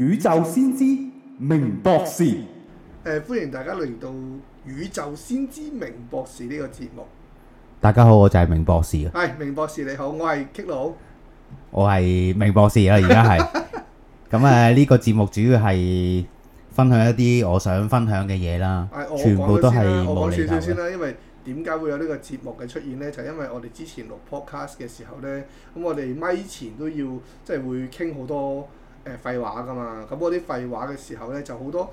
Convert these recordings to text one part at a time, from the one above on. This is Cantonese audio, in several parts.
宇宙先知明博士，誒、呃，歡迎大家嚟到《宇宙先知明博士》呢、這個節目。大家好，我就係明博士啊。係、哎、明博士你好，我係 Kick 佬，我係明博士啦，而家係。咁誒，呢個節目主要係分享一啲我想分享嘅嘢啦。誒、哎，我講咗少少先啦，因為點解會有呢個節目嘅出現呢？就係、是、因為我哋之前錄 podcast 嘅時候呢，咁我哋咪前都要即係會傾好多。誒廢話㗎嘛，咁嗰啲廢話嘅時候咧就好多，誒、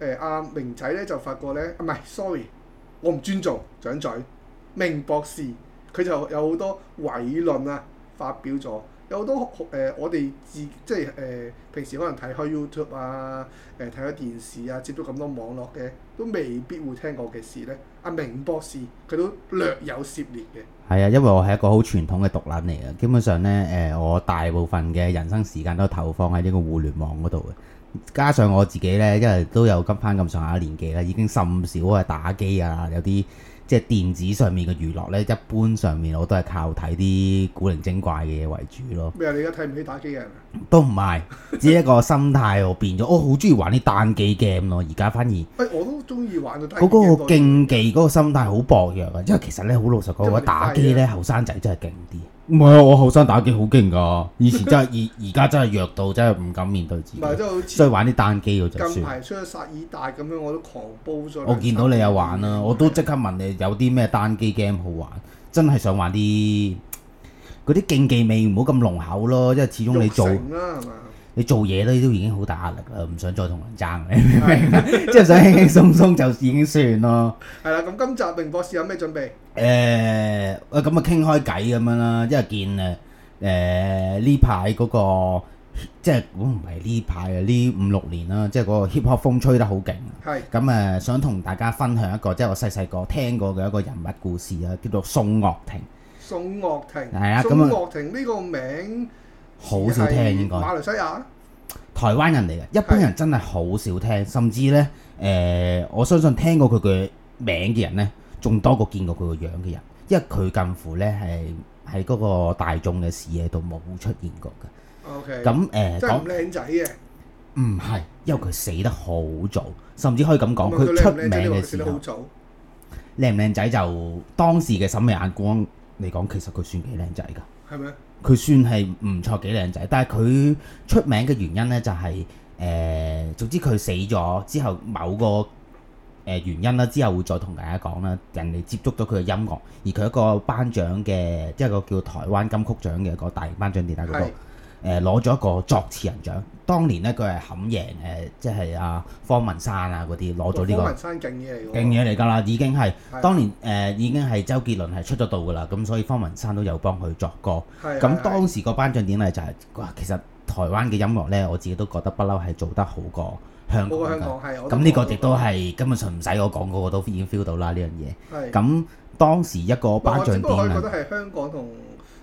呃、阿明仔咧就發覺咧，唔、啊、係，sorry，我唔尊重，掌嘴，明博士，佢就有好多偉論啊，發表咗，有好多誒、呃、我哋自即係誒、呃、平時可能睇開 YouTube 啊，誒睇開電視啊，接觸咁多網絡嘅，都未必會聽過嘅事咧。阿明博士佢都略有涉獵嘅，係啊，因為我係一個好傳統嘅毒男嚟嘅，基本上呢，誒、呃，我大部分嘅人生時間都投放喺呢個互聯網嗰度嘅，加上我自己呢，因為都有返咁上下年紀啦，已經甚少啊打機啊，有啲。即係電子上面嘅娛樂咧，一般上面我都係靠睇啲古靈精怪嘅嘢為主咯。咩啊？你而家睇唔起打機人，都唔係，只一個心態我變咗，我好中意玩啲單機 game 咯。而家反而，欸、我都中意玩。嗰個競技嗰個心態好薄弱啊，因為其實咧好老實講，打機咧後生仔真係勁啲。唔係、嗯、啊！我後生打機好勁噶，以前真係而，而家真係弱到真係唔敢面對自己。唔係真係好似所以玩啲單機嗰陣。近排出咗《薩爾達》咁樣，我都狂煲咗。我見到你有玩啦、啊，是我都即刻問你有啲咩單機 game 好玩？真係想玩啲嗰啲競技味唔好咁濃厚咯，因為始終你做。你做嘢咧都已經好大壓力啦，唔想再同人爭 明，即係想輕輕鬆鬆就已經算咯。係啦， 咁 今集明博士有咩準備？誒、呃，咁啊傾開偈咁樣啦，因為見誒誒呢排嗰個，即係我唔係呢排呀呢五六年啦，即係嗰個 hip hop 風吹得好勁。係咁誒，想同大家分享一個，即係我細細個聽過嘅一個人物故事啊，叫做宋岳庭。宋岳庭係啊，宋岳庭呢個名。好少聽應該。馬來西亞？台灣人嚟嘅，一般人真係好少聽，甚至呢，誒、呃，我相信聽過佢嘅名嘅人呢，仲多過見過佢個樣嘅人，因為佢近乎呢係喺嗰個大眾嘅視野度冇出現過嘅。咁誒 Okay,、呃，真係唔靚仔嘅。唔係，因為佢死得好早，甚至可以咁講，佢、嗯、出名嘅時候。靚唔靚仔就當時嘅審美眼光嚟講，其實佢算幾靚仔噶。係咪？佢算係唔錯幾靚仔，但係佢出名嘅原因呢，就係，就係誒，總之佢死咗之後某個誒原因啦，之後會再同大家講啦，人哋接觸到佢嘅音樂，而佢一個頒獎嘅即係個叫台灣金曲獎嘅個大型頒獎典禮。誒攞咗一個作詞人獎，當年咧佢係冚贏誒，即係阿方文山啊嗰啲攞咗呢個。方文山勁嘢嚟，勁嘢嚟㗎啦！已經係當年誒，已經係周杰倫係出咗道㗎啦，咁所以方文山都有幫佢作歌。咁當時個頒獎典禮就係，哇！其實台灣嘅音樂咧，我自己都覺得不嬲係做得好過香港㗎。咁呢個亦都係根本上唔使我講，個個都已經 feel 到啦呢樣嘢。咁當時一個頒獎典禮，我都可以覺得係香港同。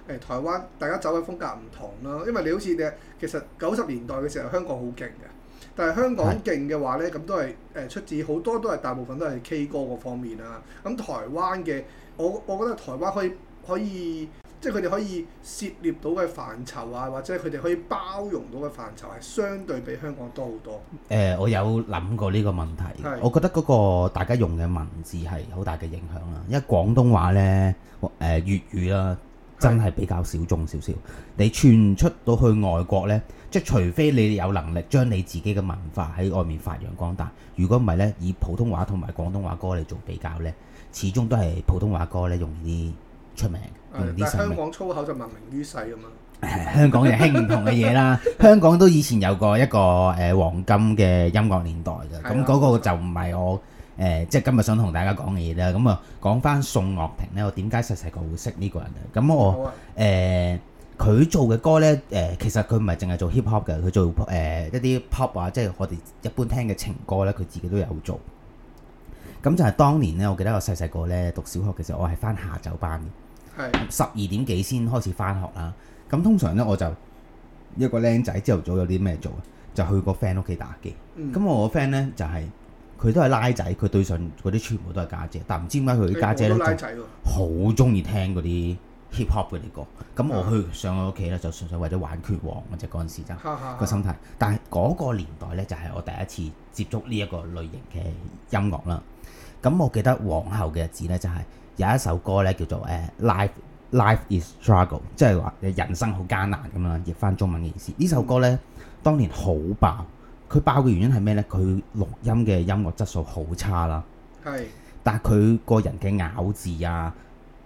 誒，台灣大家走嘅風格唔同啦，因為你好似你其實九十年代嘅時候香港好勁嘅，但係香港勁嘅話呢，咁是的 都係誒出自好多都係大部分都係 K 歌嗰方面啦。咁台灣嘅我我覺得台灣可以可以即係佢哋可以涉獵到嘅範疇啊，或者佢哋可以包容到嘅範疇係相對比香港多好多。誒、呃，我有諗過呢個問題，是的 我覺得嗰個大家用嘅文字係好大嘅影響啦，因為廣東話呢，誒、呃、粵語啦、啊。真係比較少眾少少，你傳出到去外國呢，即係除非你有能力將你自己嘅文化喺外面發揚光大。如果唔係呢，以普通話同埋廣東話歌嚟做比較呢，始終都係普通話歌呢容易出名。的用，但係香港粗口就聞名於世啊嘛。香港就興唔同嘅嘢啦，香港都以前有過一個誒、呃、黃金嘅音樂年代㗎，咁嗰的個就唔係我。誒、呃，即係今日想同大家講嘅嘢啦。咁啊，講翻宋岳庭咧，我點解細細個會識呢個人？咁我誒佢做嘅歌咧，誒其實佢唔係淨係做 hip hop 嘅，佢做誒、呃、一啲 pop 啊，即係我哋一般聽嘅情歌咧，佢自己都有做。咁就係當年咧，我記得我細細個咧讀小學嘅時候，我係翻下晝班十二點幾先開始翻學啦。咁通常咧，我就一個靚仔朝頭早有啲咩做，就去個 friend 屋企打機。咁、嗯、我個 friend 咧就係、是。佢都係拉仔，佢對上嗰啲全部都係家姐，姐，但唔知點解佢啲家姐咧、欸、就好中意聽嗰啲 hip hop 嗰啲歌。咁我去上我屋企咧，就純粹為咗玩拳王，就嗰陣時就個心態。哈哈哈哈。但係嗰個年代咧，就係、是、我第一次接觸呢一個類型嘅音樂啦。咁我記得往後嘅日子咧，就係、是、有一首歌咧叫做《誒 Life Life Is Struggle》，即係話人生好艱難咁樣譯翻中文嘅意思。呢、嗯、首歌咧，當年好爆。佢爆嘅原因係咩呢？佢錄音嘅音樂質素好差啦。係是，但係佢個人嘅咬字啊、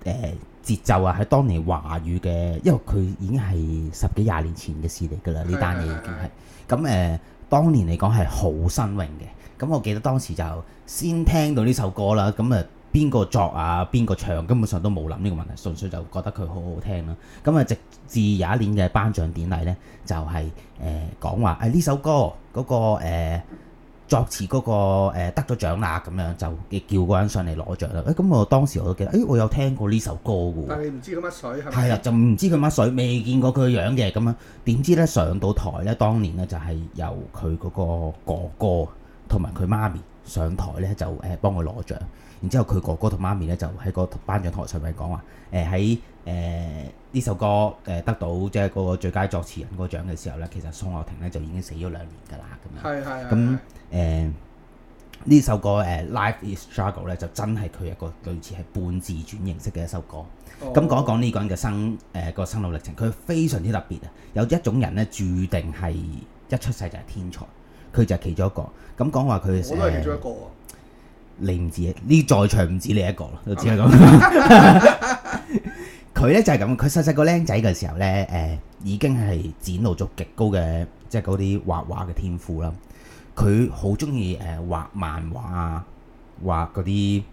誒、呃、節奏啊，喺當年華語嘅，因為佢已經係十幾廿年前嘅事嚟㗎啦，呢單嘢已經係。咁誒的、呃，當年嚟講係好新穎嘅。咁我記得當時就先聽到呢首歌啦。咁啊。呃邊個作啊？邊個唱？根本上都冇諗呢個問題，純粹就覺得佢好好聽啦。咁啊，直至有一年嘅頒獎典禮呢，就係誒講話誒呢首歌嗰個誒作詞嗰個誒得咗獎啦，咁樣就叫嗰人上嚟攞獎啦。誒咁我當時我都記得，誒我有聽過呢首歌嘅。但係唔知佢乜水係咪？係啊，就唔知佢乜水，未見過佢嘅樣嘅咁樣。點知呢？上到台呢，當年呢，就係由佢嗰個哥哥同埋佢媽咪上台呢，就誒幫佢攞獎。然之後佢哥哥同媽咪咧就喺個頒獎台上面講話，誒喺誒呢首歌誒、呃、得到即係嗰個最佳作詞人嗰個獎嘅時候咧，其實宋岳庭咧就已經死咗兩年噶啦，咁樣。係係是那。咁誒呢首歌誒、呃、Life Is Struggle 咧就真係佢一個類似係半自傳形式嘅一首歌。咁講、哦嗯、一講呢個人嘅、呃、生誒個生路歷程，佢非常之特別啊！有一種人咧注定係一出世就係天才，佢就係其中一個。咁講話佢我都係其中一個。你唔止，呢在場唔止你一個咯 Okay. 都只係咁。佢呢就係咁，佢細細個僆仔嘅時候呢，誒、呃、已經係展露咗極高嘅，即係嗰啲畫畫嘅天賦啦。佢好中意誒畫漫畫啊，畫嗰啲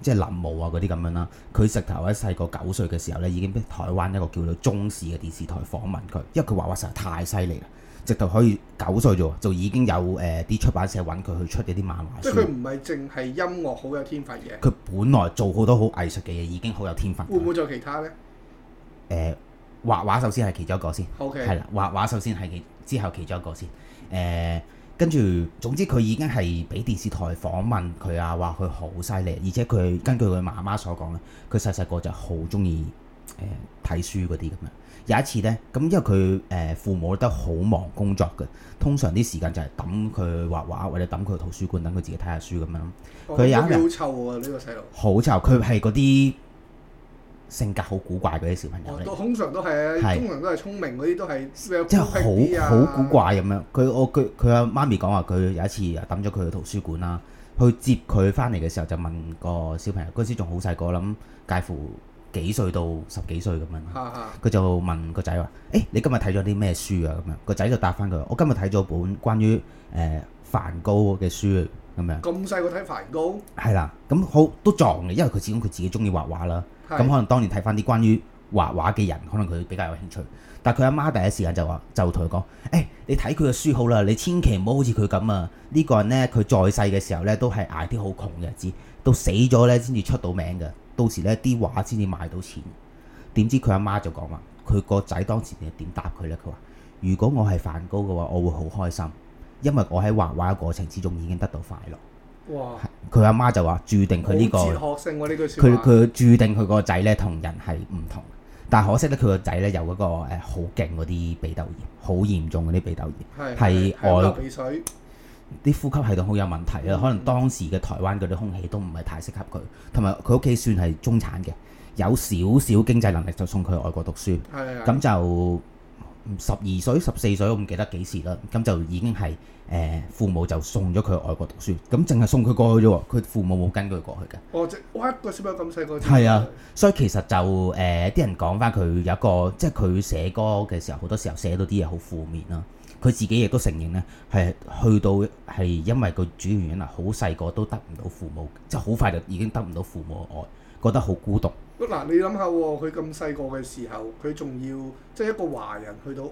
即係臨摹啊嗰啲咁樣啦。佢直頭喺細個九歲嘅時候呢，已經俾台灣一個叫做中視嘅電視台訪問佢，因為佢畫畫實在太犀利啦。直到可以九歲啫，就已經有誒啲、呃、出版社揾佢去出嗰啲漫畫。即係佢唔係淨係音樂好有天分嘅。佢本來做好多好藝術嘅嘢，已經好有天分。會唔會做其他呢？誒、呃，畫畫首先係其中一個先。OK，係啦，畫畫首先係其之後其中一個先。誒、呃，跟住總之佢已經係俾電視台訪問佢啊，話佢好犀利，而且佢根據佢媽媽所講咧，佢細細個就好中意睇書嗰啲咁啊。有一次呢，咁因為佢誒父母都好忙工作嘅，通常啲時間就係揼佢畫畫，或者揼佢去圖書館等佢自己睇下書咁樣。佢、哦、有陣好臭，呢個細路好臭，佢係嗰啲性格好古怪嗰啲小朋友。哦、通常都係是通常都係聰明嗰啲是都係。即係好好古怪咁樣。佢我佢佢阿媽咪講話，佢有一次揼咗佢去圖書館啦，去接佢翻嚟嘅時候就問個小朋友，嗰時仲好細個諗，介乎。幾歲到十幾歲咁樣，佢、啊、就問個仔話：誒、欸，你今日睇咗啲咩書啊？咁樣，個仔就答返佢：我今日睇咗本關於誒、呃、梵高嘅書，咁樣。咁細個睇梵高？係啦，咁好都撞嘅，因為佢始終佢自己鍾意畫畫啦，咁的可能當年睇返啲關於畫畫嘅人，可能佢比較有興趣。但佢阿媽第一時間就話，就同佢講：誒、欸，你睇佢嘅書好啦，你千祈唔好好似佢咁啊！呢、這個人呢，佢在世嘅時候呢，都係捱啲好窮嘅日子，到死咗呢，先至出到名嘅。到時咧啲畫先至賣到錢，點知佢阿媽就講話，佢個仔當時點點答佢咧？佢話：如果我係梵高嘅話，我會好開心，因為我喺畫畫過程之中已經得到快樂。哇！佢阿媽就注、這個啊這個、話：註定佢呢個，佢佢註定佢個仔咧同人係唔同。但可惜咧，佢個仔咧有嗰個誒好勁嗰啲鼻竇炎，好嚴重嗰啲鼻竇炎，係外是我鼻水。啲呼吸系統好有問題啊！嗯、可能當時嘅台灣嗰啲空氣都唔係太適合佢，同埋佢屋企算係中產嘅，有少少經濟能力就送佢去外國讀書。咁就十二歲、十四歲，我唔記得幾時啦。咁就已經係誒、呃、父母就送咗佢去外國讀書，咁淨係送佢過去啫喎。佢父母冇跟佢過去嘅。哦，即係一個小朋友咁細個。係啊，所以其實就誒啲、呃、人講翻佢有一個，即係佢寫歌嘅時候，好多時候寫到啲嘢好負面啦。佢自己亦都承認咧，係去到係因為個主要原因啊，好細個都得唔到父母，即係好快就已經得唔到父母嘅愛，覺得好孤獨。嗱，你諗下喎，佢咁細個嘅時候，佢仲要即係一個華人去到誒誒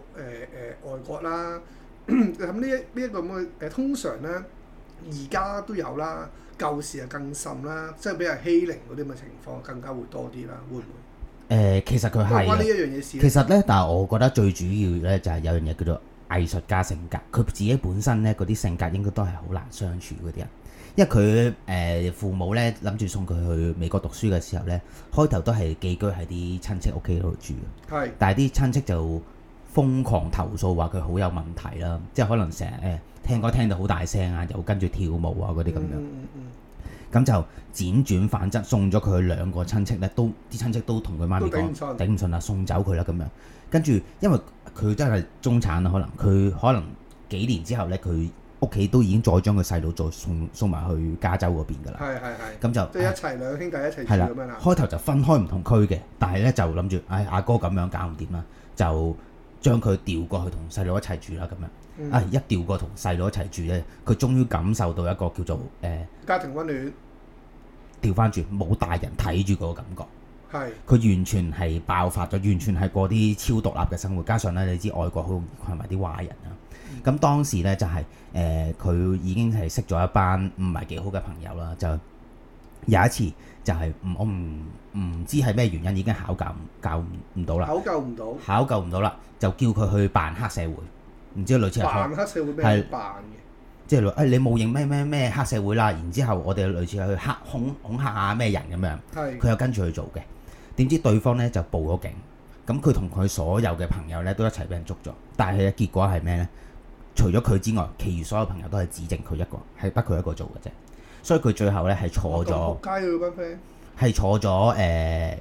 外國啦。咁呢一呢一個咁嘅誒，通常咧而家都有啦，舊時啊更甚啦，即係比較欺凌嗰啲咁嘅情況更加會多啲啦，會唔會？誒，其實佢係關呢一樣嘢事。其實咧，但係我覺得最主要咧就係有樣嘢叫做藝術家性格，佢自己本身呢嗰啲性格應該都係好難相處嗰啲人，因為佢誒、呃、父母呢，諗住送佢去美國讀書嘅時候呢，開頭都係寄居喺啲親戚屋企度住，但係啲親戚就瘋狂投訴話佢好有問題啦，即係可能成日誒聽歌聽到好大聲啊，又跟住跳舞啊嗰啲咁樣，咁、嗯嗯、就輾轉反側送咗佢去兩個親戚呢，都啲親戚都同佢媽咪講頂唔順啦，送走佢啦咁樣，跟住因為。佢真係中產咯，可能佢可能幾年之後呢，佢屋企都已經再將佢細佬再送送埋去加州嗰邊噶啦。係係係。咁就即係一齊、啊、兩兄弟一齊住啦。開頭就分開唔同區嘅，但係呢就諗住，唉、哎，阿哥咁樣搞唔掂啦，就將佢調過去同細佬一齊住啦咁樣。啊、嗯哎、一調過同細佬一齊住呢，佢終於感受到一個叫做誒、呃、家庭溫暖調住。調翻轉冇大人睇住嗰個感覺。佢完全係爆發咗，完全係過啲超獨立嘅生活。加上咧，你知外國好容易困埋啲壞人啊。咁當時咧就係、是、誒，佢、呃、已經係識咗一班唔係幾好嘅朋友啦。就有一次就係、是、唔我唔唔知係咩原因，已經考教教唔唔到啦，考、考究唔到，考究唔到啦，就叫佢去扮黑社會。唔知類似係扮黑社會咩是？係扮嘅，即係類誒你冒認咩咩咩黑社會啦。然之後我哋類似去黑恐恐、恐嚇下咩人咁樣。佢又跟住去做嘅。點知對方咧就報咗警，咁佢同佢所有嘅朋友咧都一齊俾人捉咗，但係嘅結果係咩呢？除咗佢之外，其餘所有朋友都係指證佢一個，係得佢一個做嘅啫。所以佢最後咧係坐咗，街係、啊、坐咗誒。呃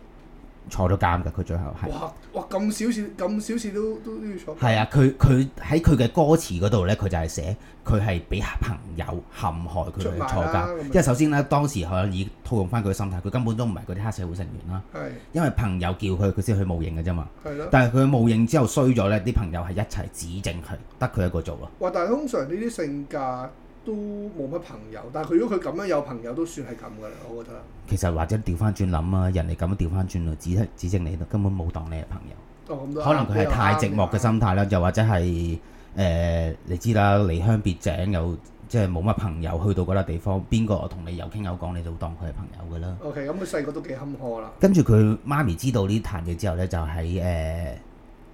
坐咗監嘅，佢最後係。哇！哇，咁小事咁小事都都要坐。係啊，佢佢喺佢嘅歌詞嗰度呢，佢就係寫佢係俾朋友陷害佢去坐監牢。明因為首先呢，當時可以套用翻佢嘅心態，佢根本都唔係嗰啲黑社會成員啦。是的 因為朋友叫佢，佢先去冒認嘅啫嘛。但係佢冒認之後衰咗呢，啲朋友係一齊指證佢，得佢一個做咯。但係通常呢啲性格。都冇乜朋友，但係佢如果佢咁樣有朋友都算係咁嘅啦，我覺得。其實或者調翻轉諗啊，人哋咁樣調翻轉啊，指指正你，根本冇當你係朋友。哦、可能佢係太寂寞嘅心態啦，又對或者係誒、呃、你知啦，離鄉別井又即係冇乜朋友，去到嗰笪地方，邊個我同你有傾有講，你就當佢係朋友㗎啦。OK，咁佢細個都幾坎坷啦。跟住佢媽咪知道呢壇嘢之後呢，就喺誒。呃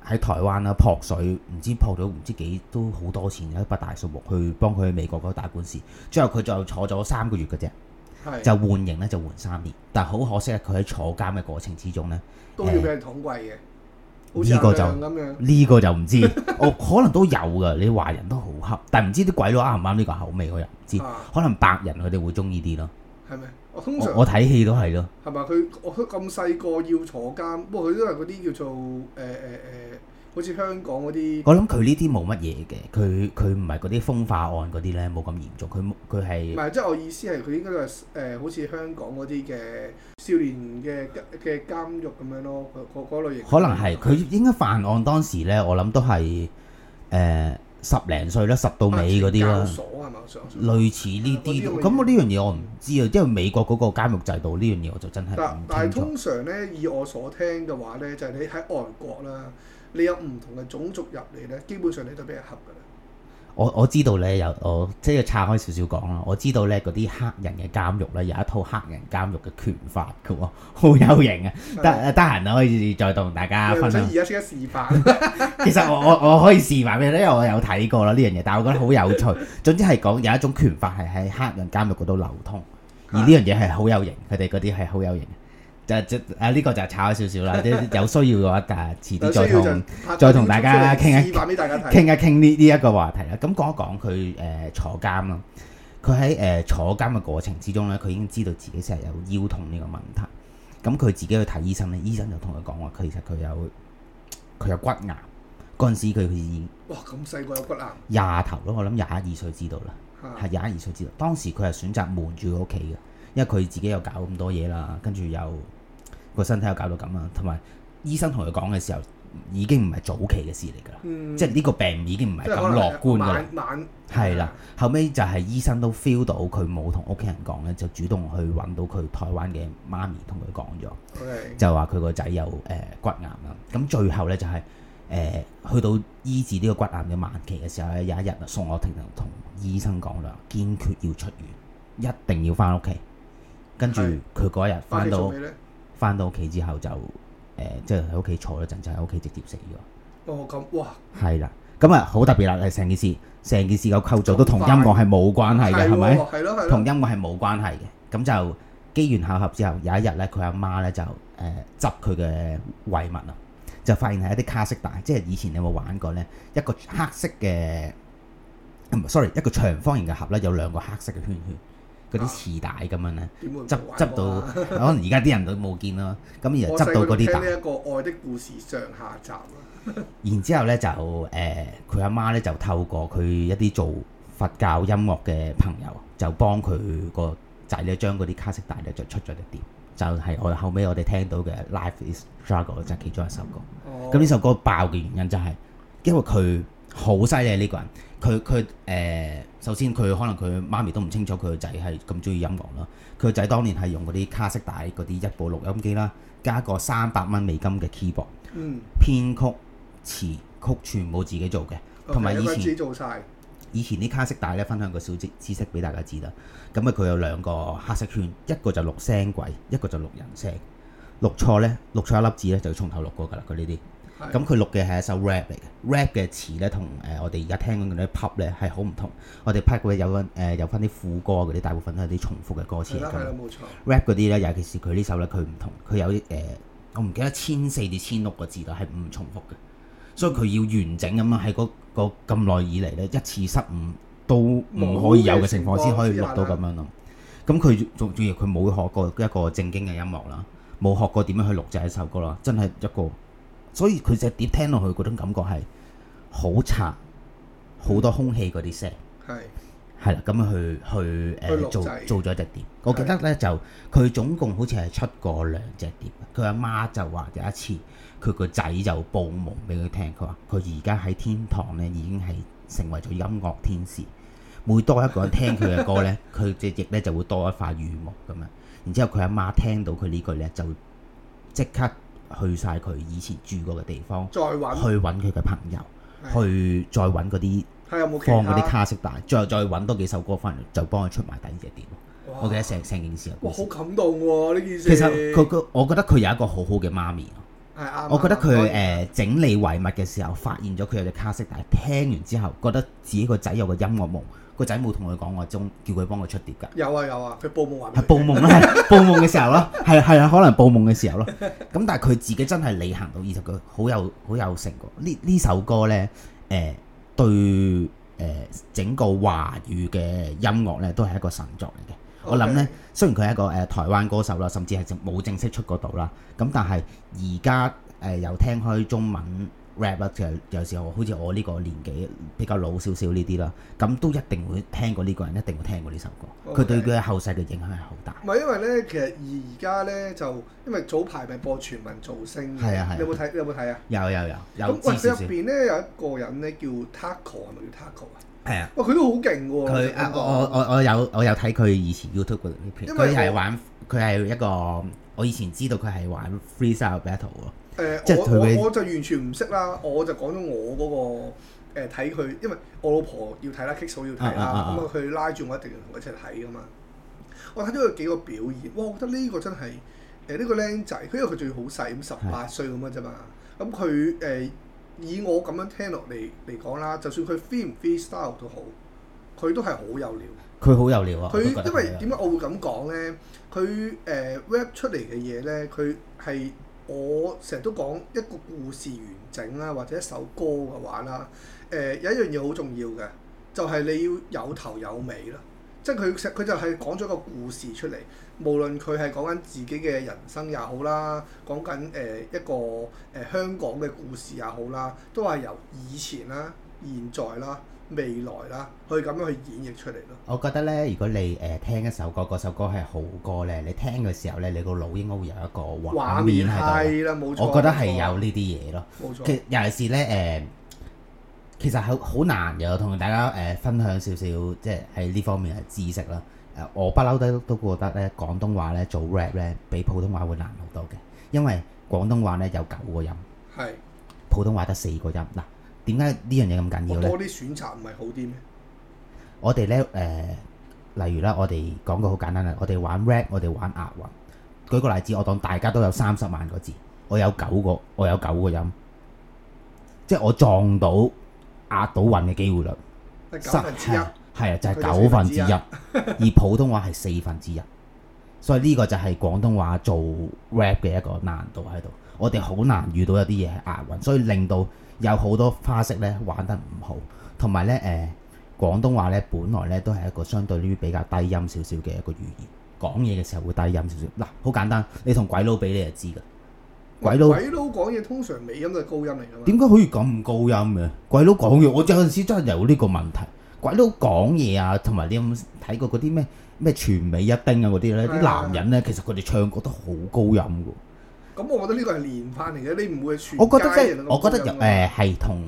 喺台灣啦，撲水唔知撲咗唔知幾都好多錢一筆大數目，去幫佢喺美國嗰度打官司。最後佢就坐咗三個月嘅啫是，就換型，咧就換三年。但係好可惜，佢喺坐監嘅過程之中咧，都要俾人統計嘅。呢、呃、個就呢、呢個就唔知， 我可能都有嘅。你華人都好恰，但係唔知啲鬼佬啱唔啱呢個口味，我又唔知。啊、可能白人佢哋會中意啲咯。係咪？我通常我睇戲都係咯，係咪？佢我佢咁細個要坐監，不過佢都係嗰啲叫做誒誒誒，好似香港嗰啲。我諗佢呢啲冇乜嘢嘅，佢佢唔係嗰啲風化案嗰啲咧，冇咁嚴重。佢佢係唔係？即係我意思係佢應該係誒，好似香港嗰啲嘅少年嘅嘅監獄咁樣咯，嗰嗰類型。可能係佢應該犯案當時咧，我諗都係誒。呃十零歲啦，十到尾嗰啲啦，類似呢啲咁。我呢樣嘢我唔知啊，因為美國嗰個監獄制度呢樣嘢我就真係唔清楚。但係通常呢，以我所聽嘅話呢，就係、是、你喺外國啦，你有唔同嘅種族入嚟呢，基本上你都俾人恰㗎。我我知道咧，有我即係要岔開少少講咯。我知道咧，嗰啲黑人嘅監獄咧，有一套黑人監獄嘅拳法㗎，好有型啊！的得得閒可以再同大家分享。而家先一示範。 其實我我我可以示範俾你，因為我有睇過啦呢樣嘢，但係我覺得好有趣。 總之係講有一種拳法係喺黑人監獄嗰度流通，的而呢樣嘢係好有型，佢哋嗰啲係好有型。誒呢、啊，這個就係炒咗少少啦， 有需要嘅話誒，遲啲再同再同大家傾一傾 一傾呢呢一個話題啦。咁講 一講佢誒坐監咯，佢喺誒坐監嘅過程之中咧，佢已經知道自己成日有腰痛呢個問題。咁佢自己去睇醫生咧，醫生就同佢講話，佢其實佢有佢有骨癌。嗰陣時佢已哇咁細個有骨癌廿頭咯，我諗廿二歲知道啦，係廿二歲知道。當時佢係選擇瞞住屋企嘅，因為佢自己又搞咁多嘢啦，跟住又。個身體又搞到咁啦，同埋醫生同佢講嘅時候，已經唔係早期嘅事嚟噶啦，嗯、即係呢個病已經唔係咁樂觀噶啦。係啦，後尾就係醫生都 feel 到佢冇同屋企人講咧，就主動去揾到佢台灣嘅媽咪同佢講咗，Okay. 就話佢個仔有誒、呃、骨癌啦。咁最後咧就係、是、誒、呃、去到醫治呢個骨癌嘅晚期嘅時候咧，有一日啊，宋岳庭同醫生講啦，堅決要出院，一定要翻屋企。跟住佢嗰日翻到。的翻到屋企之後就誒，即係喺屋企坐一陣，就喺屋企直接死咗。哦，咁哇！係啦，咁啊好特別啦，係成件事，成件事個構造都同音樂係冇關係嘅，係咪？係咯，同音樂係冇關係嘅，咁就機緣巧合之後，有一日咧，佢阿媽咧就誒執佢嘅遺物啊，就發現係一啲卡式帶，即係以前你有冇玩過咧？一個黑色嘅唔，sorry，一個長方形嘅盒咧，有兩個黑色嘅圈圈。嗰啲磁帶咁樣呢，執執、啊、到，可能而家啲人都冇見咯。咁而執到嗰啲帶。我細個聽呢一個《愛的故事》上下集。然之後呢，就誒，佢阿媽呢，就透過佢一啲做佛教音樂嘅朋友，就幫佢個仔呢將嗰啲卡式帶呢就出咗隻碟。就係、是、我後尾我哋聽到嘅《Life Is Struggle》就係、其中一首歌。嗯、哦。咁呢首歌爆嘅原因就係、是、因為佢。好犀利呢個人，佢佢誒，首先佢可能佢媽咪都唔清楚佢個仔係咁中意音樂啦。佢個仔當年係用嗰啲卡式帶、嗰啲一部錄音機啦，加個三百蚊美金嘅 keyboard、嗯、編曲、詞曲全部自己做嘅，同埋 Okay, 以前。自己做以前啲卡式帶咧，分享個小知知識俾大家知啦。咁、嗯、啊，佢有兩個黑色圈，一個就錄聲軌，一個就錄人聲。錄錯呢，錄錯一粒字呢，就要從頭錄過㗎啦。佢呢啲。咁佢、嗯、錄嘅係一首 rap 嚟嘅，rap 嘅詞咧同誒我哋而家聽緊嗰啲 pop 咧係好唔同。我哋 pop 嘅有誒有返啲副歌嗰啲，大部分都係啲重複嘅歌詞嚟㗎的。係啊，冇沒錯。rap 嗰啲咧，尤其是佢呢首咧，佢唔同，佢有誒、呃，我唔記得千四至千六個字啦，係唔重複嘅。所以佢要完整咁啊、那個，喺嗰咁耐以嚟咧，一次失誤都唔可以有嘅情況先可以錄到咁樣咯。咁佢仲要佢冇學過一個正經嘅音樂啦，冇學過點樣去錄製一首歌啦，真係一個。所以佢隻碟聽落去嗰種感覺係好差，好多空氣嗰啲聲。係。係啦，咁樣去去誒做做咗隻碟。的我記得咧就佢總共好似係出過兩隻碟。佢阿媽就話有一次，佢個仔就報夢俾佢聽，佢話佢而家喺天堂咧已經係成為咗音樂天使。每多一個人聽佢嘅歌咧，佢隻翼咧就會多一塊羽毛咁樣。然之後佢阿媽聽到佢呢句咧，就即刻。去晒佢以前住過嘅地方，再找去揾佢嘅朋友，的去再揾嗰啲，放嗰啲卡式帶的，再再揾多幾首歌翻嚟，就幫佢出埋第二隻碟。我記得成成件事。哇！好感動喎、啊，呢件事。其實佢佢，我覺得佢有一個好好嘅媽咪。的我覺得佢誒整理遺物嘅時候，發現咗佢有隻卡式帶，聽完之後，覺得自己個仔有個音樂夢。個仔冇同佢講，我中叫佢幫我出碟噶、啊。有啊有啊，佢報夢啊。係報夢啦，報夢嘅時候咯，係係啊，可能報夢嘅時候咯。咁但係佢自己真係履行到二十句，好有好有成果。呢呢首歌呢，誒、呃、對誒、呃、整個華語嘅音樂呢，都係一個神作嚟嘅。Okay. 我諗呢，雖然佢係一個誒、呃、台灣歌手啦，甚至係冇正式出過道啦。咁但係而家誒又聽開中文 rap 啊，有有時候好似我呢個年紀比較老少少呢啲啦，咁都一定會聽過呢個人，一定會聽過呢首歌。佢 Okay. 對佢後世嘅影響係好大。唔係因為咧，其實而家咧就因為早排咪播全民造星，係啊，係有冇睇有冇睇啊？啊有有有，有，有。咁喂，入邊咧有一個人咧叫 Taco，係咪叫 Taco 啊？係它啊。佢都好勁㗎喎。佢我我我我有我有睇佢以前 YouTube 嗰啲片。因為係玩，佢係一個我以前知道佢係玩 freestyle battle 誒、呃、是我會我，我，我就完全唔識啦，我就講咗我嗰、那個睇佢、呃，因為我老婆要睇啦，Kiko 要睇啦，咁啊佢拉住我一定要同佢一齊睇噶嘛。我睇咗佢幾個表演，哇我覺得呢個真係誒呢個僆仔，佢因為佢仲要好細，咁十八歲咁啊啫嘛。咁佢誒以我咁樣聽落嚟嚟講啦，就算佢 free 唔 free style 都好，佢都係好有料。佢好有料啊！佢他因為點解我會咁講咧？佢誒 rap 出嚟嘅嘢咧，佢係。我成日都講一個故事完整啦，或者一首歌嘅話啦，誒、呃、有一樣嘢好重要嘅，就係、是、你要有頭有尾啦。即係佢佢就係講咗一個故事出嚟，無論佢係講緊自己嘅人生也好啦，講緊誒一個誒香港嘅故事也好啦，都係由以前啦、啊、現在啦、啊，未來啦，去咁樣去演繹出嚟咯。我覺得呢，如果你誒、呃、聽一首歌，嗰首歌係好歌呢，你聽嘅時候呢，你個腦應該會有一個畫面喺度。冇錯、哎、我覺得係有呢啲嘢咯。冇錯。其實，尤其是咧誒、呃，其實好好難嘅，我同大家誒、呃、分享少少，即係喺呢方面嘅知識啦。我不嬲都都覺得呢，廣東話呢，做 rap 呢，比普通話會難好多嘅，因為廣東話呢，有九個音，係是普通話得四個音嗱。點解呢樣嘢咁緊要呢？我多啲選擇唔係好啲咩？我哋呢，誒、呃，例如啦，我哋講個好簡單嘅：我哋玩 rap，我哋玩押韻。舉個例子，我當大家都有三十萬個字，我有九個，我有九個音，即係我撞到押到韻嘅機會率，九分之一，十，係啊，就係九分之一， 而普通話係四分之一，所以呢個就係廣東話做 rap 嘅一個難度喺度，我哋好難遇到一啲嘢係押韻，所以令到。有好多花式咧，玩得唔好，同埋咧誒，廣東話咧，本來咧都係一個相對於比較低音少少嘅一個語言，講嘢嘅時候會低音少少。嗱，好簡單，你同鬼佬比你就知噶。鬼佬，鬼佬講嘢通常尾音都係高音嚟㗎嘛。點解可以咁高音嘅？鬼佬講嘢，我有陣時真係有呢個問題。鬼佬講嘢啊，同埋你有冇睇過嗰啲咩咩全美一丁啊嗰啲咧，啲男人咧其實佢哋唱歌都好高音㗎。咁我覺得呢個係連翻嚟嘅，你唔會傳、就是。我覺得即係，我覺得誒係同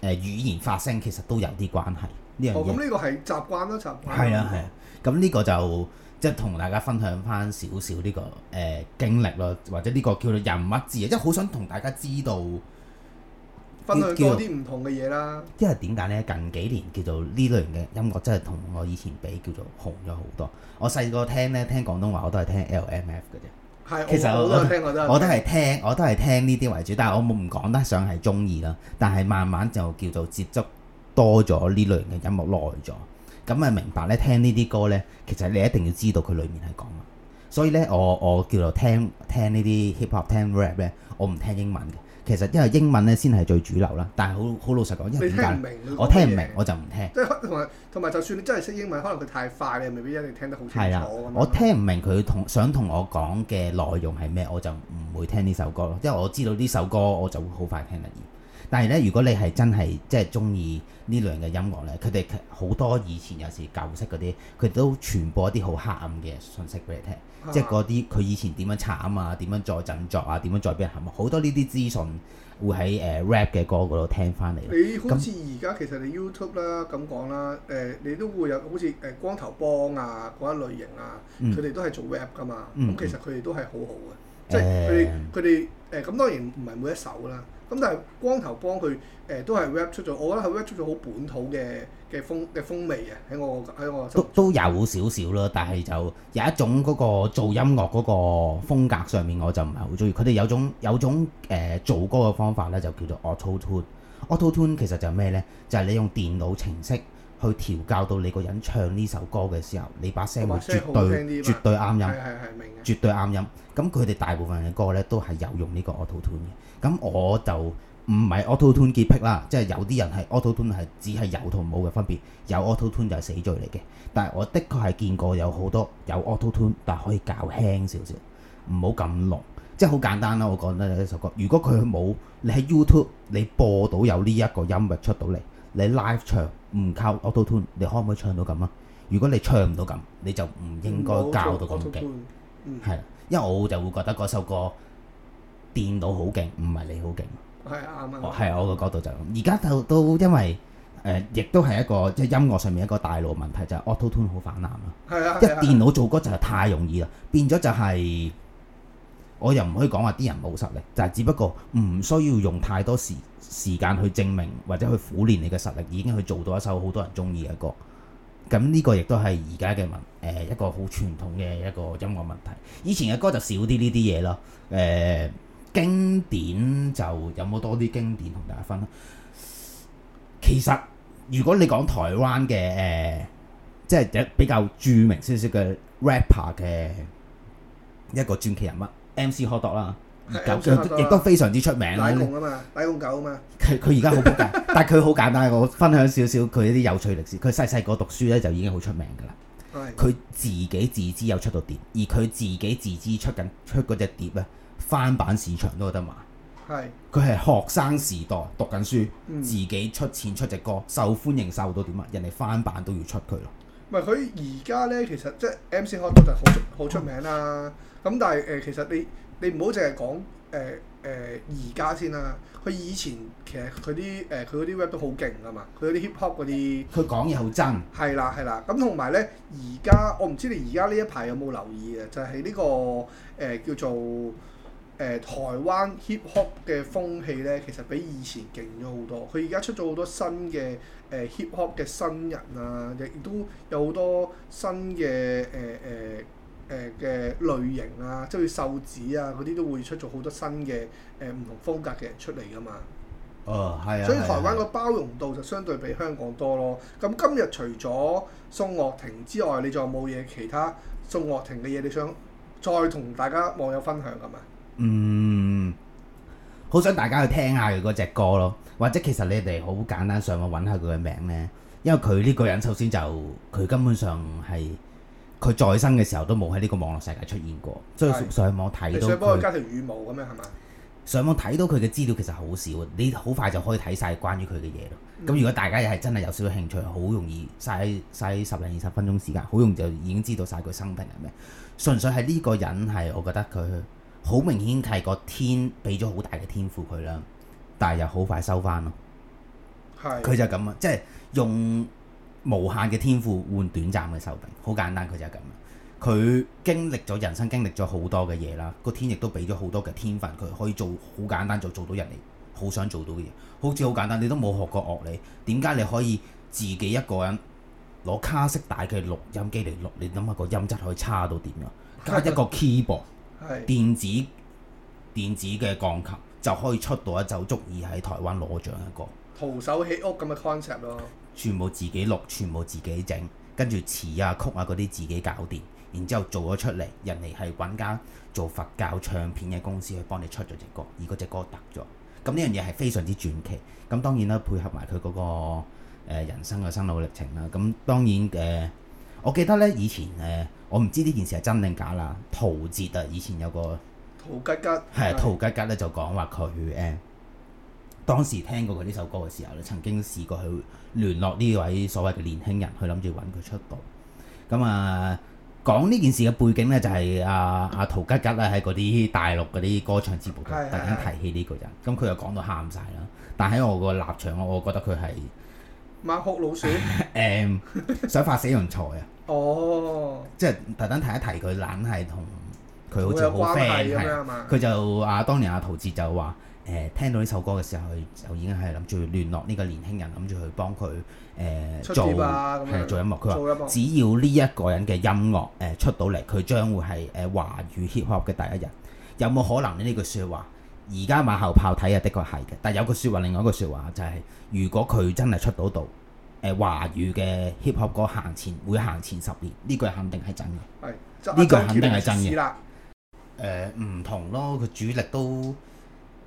誒語言發聲其實都有啲關係呢樣嘢。咁呢、哦、個係習慣咯，習慣。係啊，係啊。咁呢個就即係同大家分享翻少少呢、這個誒、呃、經歷咯，或者呢個叫做人物志，即係好想同大家知道分享多啲唔同嘅嘢啦。因為點解咧？近幾年叫做呢類型嘅音樂真係同我以前比叫做紅咗好多。我細個聽咧，聽廣東話我都係聽 LMF 嘅啫。其實我都聽過，我都係聽，我都係聽呢啲為主。但係我冇唔講得上係鍾意啦。但係慢慢就叫做接觸多咗呢類型嘅音樂耐咗，咁咪明白咧聽呢啲歌咧，其實你一定要知道佢裡面係講乜。所以咧，我我叫做聽聽呢啲 hip hop 聽 rap 咧，我唔聽英文嘅。其實因為英文咧先係最主流啦，但係好好老實講，因為點解我聽唔明，我就唔聽。同埋就算你真係識英文，可能佢太快你未必一定聽得好清楚。我聽唔明佢同想同我講嘅內容係咩，我就唔會聽呢首歌咯。因為我知道呢首歌我就會好快聽得完。但係咧，如果你係真係即係中意呢類嘅音樂咧，佢哋好多以前有時舊式嗰啲，佢都傳播一啲好黑暗嘅信息俾你聽。即係嗰啲佢以前點樣慘啊，點樣再振作啊，點樣再俾人行啊，好多呢啲資訊會喺誒、呃、rap 嘅歌嗰度聽翻嚟。你好似而家其實你 YouTube 啦，咁講啦，誒、呃，你都會有好似誒光頭幫啊嗰一類型啊，佢哋、嗯、都係做 rap 噶嘛。咁、嗯、其實佢哋都係好好嘅，嗯、即係佢哋，佢哋誒咁當然唔係每一首啦。咁但係光頭幫佢誒都係 rap 出咗，我覺得係 rap 出咗好本土嘅嘅風嘅風味啊！喺我喺我都都有少少啦，但係就有一種嗰個做音樂嗰個風格上面，我就唔係好中意。佢哋有種有種誒、呃、做歌嘅方法咧，就叫做 auto tune。auto tune 其實就係咩咧？就係、是、你用電腦程式。去調教到你個人唱呢首歌嘅時候，你把聲會絕對絕對啱音，絕對啱音。咁佢哋大部分嘅歌呢都係有用呢個 auto tune 嘅。咁我就唔係 auto tune 潔癖啦，即係有啲人係 auto tune 係只係有同冇嘅分別，有 auto tune 就係死罪嚟嘅。但係我的確係見過有好多有 auto tune，但係可以較輕少少，唔好咁濃，即係好簡單啦。我講得呢首歌，如果佢冇你喺 YouTube 你播到有呢一個音嘅出到嚟，你 live 唱。唔靠 auto tune，你可唔可以唱到咁啊？如果你唱唔到咁，你就唔應該教到咁勁，係， 因為我就會覺得嗰首歌電腦好勁，唔係你好勁。係啊！係 我個角度就咁。而家就都因為誒、呃，亦都係一個即係音樂上面一個大路問題，就係、是、auto tune 好泛濫啦。係啊！ 因為電腦做歌就係太容易啦，變咗就係、是。我又唔可以講話啲人冇實力，就係只不過唔需要用太多時時間去證明或者去苦練你嘅實力，已經去做到一首好多人鍾意嘅歌。咁呢個亦都係而家嘅問，誒一個好、呃、傳統嘅一個音樂問題。以前嘅歌就少啲呢啲嘢咯。誒、呃，經典就有冇多啲經典同大家分享？其實如果你講台灣嘅誒、呃，即係比較著名少少嘅 rapper 嘅一個傳奇人物。M C 學徒啦，亦都非常之出名啦。打工啊嘛，打工狗啊嘛。佢而家好仆街，但係佢好簡單。我分享少少佢啲有趣歷史。佢細細個讀書咧就已經好出名噶啦。佢的自己自資有出到碟，而佢自己自資出緊出嗰隻碟咧，翻版市場都有得賣。係的，佢係學生時代讀緊書，自己出錢出隻歌，受歡迎受到點啊？人哋翻版都要出佢。唔係佢而家咧，其實即係 MC Hotdog 好出好出名啦、啊。咁但係誒、呃，其實你你唔好淨係講誒誒而家先啦、啊。佢以前其實佢啲誒佢嗰啲 rap 都好勁噶嘛。佢嗰啲 hip hop 嗰啲，佢講嘢好真。係啦係啦。咁同埋咧，而家我唔知你而家呢一排有冇留意啊？就係、是、呢、這個誒、呃、叫做。誒、呃、台灣 hip hop 嘅風氣咧，其實比以前勁咗好多。佢而家出咗好多新嘅誒、呃、hip hop 嘅新人啊，亦都有好多新嘅誒誒誒嘅類型啊，即係佢瘦子啊嗰啲都會出咗好多新嘅誒唔同風格嘅人出嚟噶嘛。哦，係啊。所以台灣個包容度就相對比香港多咯。咁、哦啊啊啊、今日除咗宋岳庭之外，你仲有冇嘢其他宋岳庭嘅嘢你想再同大家網友分享啊？嘛？嗯，好想大家去聽下佢嗰隻歌咯，或者其實你哋好簡單上網搵下佢嘅名呢？因為佢呢個人首先就佢根本上係佢在生嘅時候都冇喺呢個網絡世界出現過，所以上網睇到佢加條羽毛咁樣係嘛？上網睇到佢嘅資料其實好少，你好快就可以睇晒關於佢嘅嘢咯。咁、嗯、如果大家又係真係有少少興趣，好容易嘥嘥十零二十分鐘時間，好容易就已經知道晒佢生平係咩。純粹係呢個人係，我覺得佢。好明顯係個天俾咗好大嘅天賦佢啦，但係又好快收翻咯。佢是的 就係咁啊！即係用無限嘅天賦換短暫嘅壽命，好簡單。佢就係咁。佢經歷咗人生，經歷咗好多嘅嘢啦。個天亦都俾咗好多嘅天分，佢，可以做好簡單就做，做到人哋好想做到嘅嘢。好似好簡單，你都冇學過樂理，點解你可以自己一個人攞卡式帶嘅錄音機嚟錄？你諗下個音質可以差到點啊？加一個 keyboard。電子電子嘅鋼琴就可以出到一首足以喺台灣攞獎，一個徒手起屋咁嘅 concept 咯，全部自己錄，全部自己整，跟住詞啊曲啊嗰啲自己搞掂，然之後做咗出嚟，人哋係揾間做佛教唱片嘅公司去幫你出咗隻歌，而嗰隻歌突咗，咁呢樣嘢係非常之傳奇。咁當然啦，配合埋佢嗰個誒人生嘅生路歷程啦。咁當然誒。呃我記得咧以前誒，我唔知呢件事係真定假啦。陶喆啊，以前有個陶吉吉，係是陶吉吉咧就講話佢誒當時聽過佢呢首歌嘅時候咧，曾經試過去聯絡呢位所謂嘅年輕人，去諗住揾佢出道。咁、嗯、啊，講呢件事嘅背景咧、就是，就係阿阿陶吉吉咧喺嗰啲大陸嗰啲歌唱節目度突然提起呢個人，咁佢又講到喊晒啦。但喺我個立場，我覺得佢係貓哭老鼠，誒想發死人財啊！哦，即係特登提一提佢，懶係同佢好似好 friend，係佢就啊。當年阿陶喆就話，誒、呃、聽到呢首歌嘅時候，佢就已經係諗住聯絡呢個年輕人，諗住去幫佢誒做係做音樂。佢話只要呢一個人嘅音樂誒、呃、出到嚟，佢將會係誒華語 hip hop 嘅第一人。有冇可能呢？呢句說話，而家馬後炮睇啊，的確係嘅。但係有句說話，另外一個說話就係、是，如果佢真係出到道。誒、呃、華語嘅 hip hop 歌行前會行前十年，呢句肯定係真嘅，呢是句肯定係真嘅。誒唔、呃、同咯，佢主力都誒、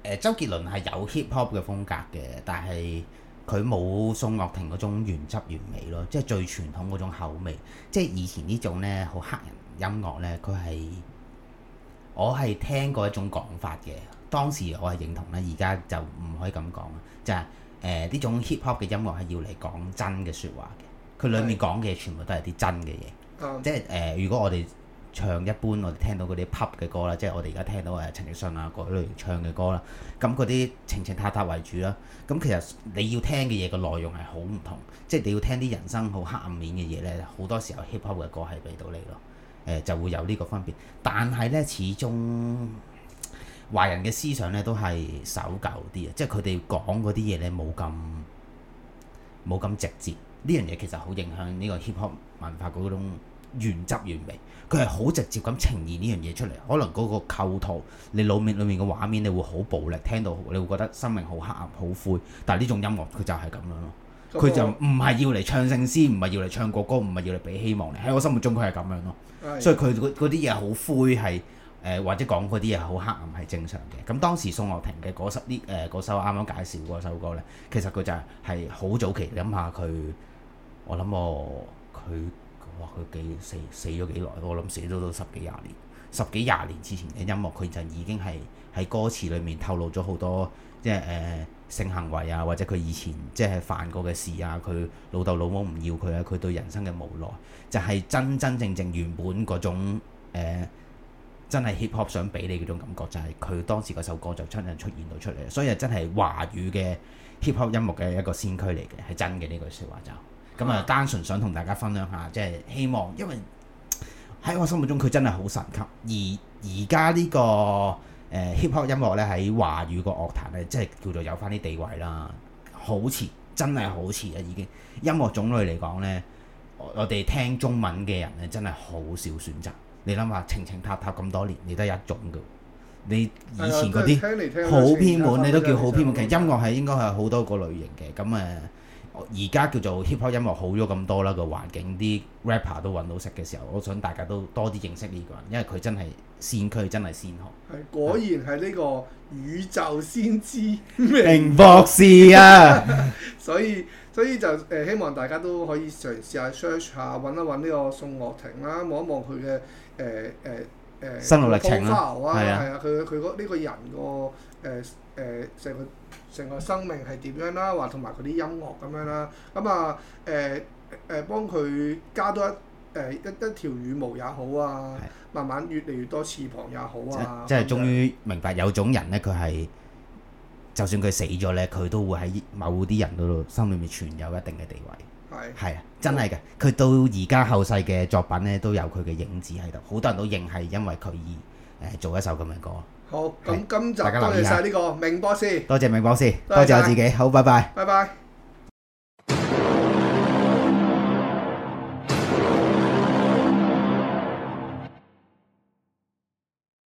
呃、周杰倫係有 hip hop 嘅風格嘅，但係佢冇宋岳庭嗰種原汁原味咯，即係最傳統嗰種口味，即係以前呢種呢好黑人音樂呢，佢係我係聽過一種講法嘅，當時我係認同啦，而家就唔可以咁講啦，就係。誒呢、呃、種 hip hop 嘅音樂係要嚟講真嘅説話嘅，佢裏面講嘅全部都係啲真嘅嘢，嗯、即係誒、呃。如果我哋唱一般，我哋聽到嗰啲 pop 嘅歌啦，即係我哋而家聽到誒陳奕迅啊嗰類型唱嘅歌啦，咁嗰啲情情塔塔為主啦。咁其實你要聽嘅嘢個內容係好唔同，即係你要聽啲人生好黑暗面嘅嘢咧，好多時候 hip hop 嘅歌係俾到你咯。誒、呃、就會有呢個分別，但係咧始終。華人嘅思想咧都係守舊啲嘅，即係佢哋講嗰啲嘢咧冇咁冇咁直接，呢樣嘢其實好影響呢個 hip hop 文化嗰種原汁原味。佢係好直接咁呈現呢樣嘢出嚟，可能嗰個構圖你腦面裏面嘅畫面你會好暴力，聽到你會覺得生命好黑暗，好灰。但係呢種音樂佢就係咁樣咯，佢就唔係要嚟唱聖詩，唔係要嚟唱國歌，唔係要嚟俾希望。你喺我心目中佢係咁樣咯，所以佢嗰啲嘢好灰係誒，或者講嗰啲嘢好黑暗係正常嘅。咁當時宋樂廷嘅嗰首呢，誒，嗰首啱啱介紹嗰首歌呢，其實佢就係好早期。諗下佢，我諗我佢話幾死死咗幾耐？我諗死咗都十幾廿年，十幾廿年之前嘅音樂，佢就已經係喺歌詞裏面透露咗好多，即係誒、呃、性行為啊，或者佢以前即係犯過嘅事啊，佢老豆老母唔要佢啊，佢對人生嘅無奈，就係、是、真真正正，正，正，正，正原本嗰種、呃真係 hiphop 想俾你嗰種感覺，就係、是、佢當時嗰首歌就親身出現到出嚟，所以真係華語嘅 hiphop 音樂嘅一個先驅嚟嘅，係真嘅呢句説話就咁啊！就單純想同大家分享下，即、就、係、是、希望，因為喺我心目中佢真係好神級。而而家呢個誒 hiphop 音樂咧喺華語個樂壇咧，即、就、係、是、叫做有返啲地位啦。好遲，真係好遲啊！已經音樂種類嚟講呢，我哋聽中文嘅人咧，真係好少選擇。你諗下，情情塔塔咁多年，你都係一種㗎。你以前嗰啲好偏門，你都叫好偏門。其實音樂係應該係好多個類型嘅。咁啊。而家叫做 hiphop 音樂好咗咁多啦、個環境，啲 rapper 都揾到食嘅時候，我想大家都多啲認識呢個人，因為佢真係先驅，真係先河。係果然係呢個宇宙先知明 博士啊 所！所以所以就誒、呃，希望大家都可以嘗試下 search 下，揾一揾呢個宋岳庭啦，望一望佢嘅誒誒誒生路歷程啦，係啊，佢佢呢個人、呃呃、個誒誒成個。成個生命係點樣啦、啊，話同埋佢啲音樂咁樣啦、啊，咁啊誒誒幫佢加多一誒、呃、一一條羽毛也好啊，的慢慢越嚟越多翅膀也好啊，即係終於明白有種人咧，佢係就算佢死咗咧，佢都會喺某啲人度心裏面存有一定嘅地位，係係啊，真係嘅，佢到而家後世嘅作品咧都有佢嘅影子喺度，好多人都認係因為佢而誒做一首咁嘅歌。好，咁今集多謝晒呢個明博士，多謝明博士，多謝，多謝我自己，多謝。好，拜拜，拜拜。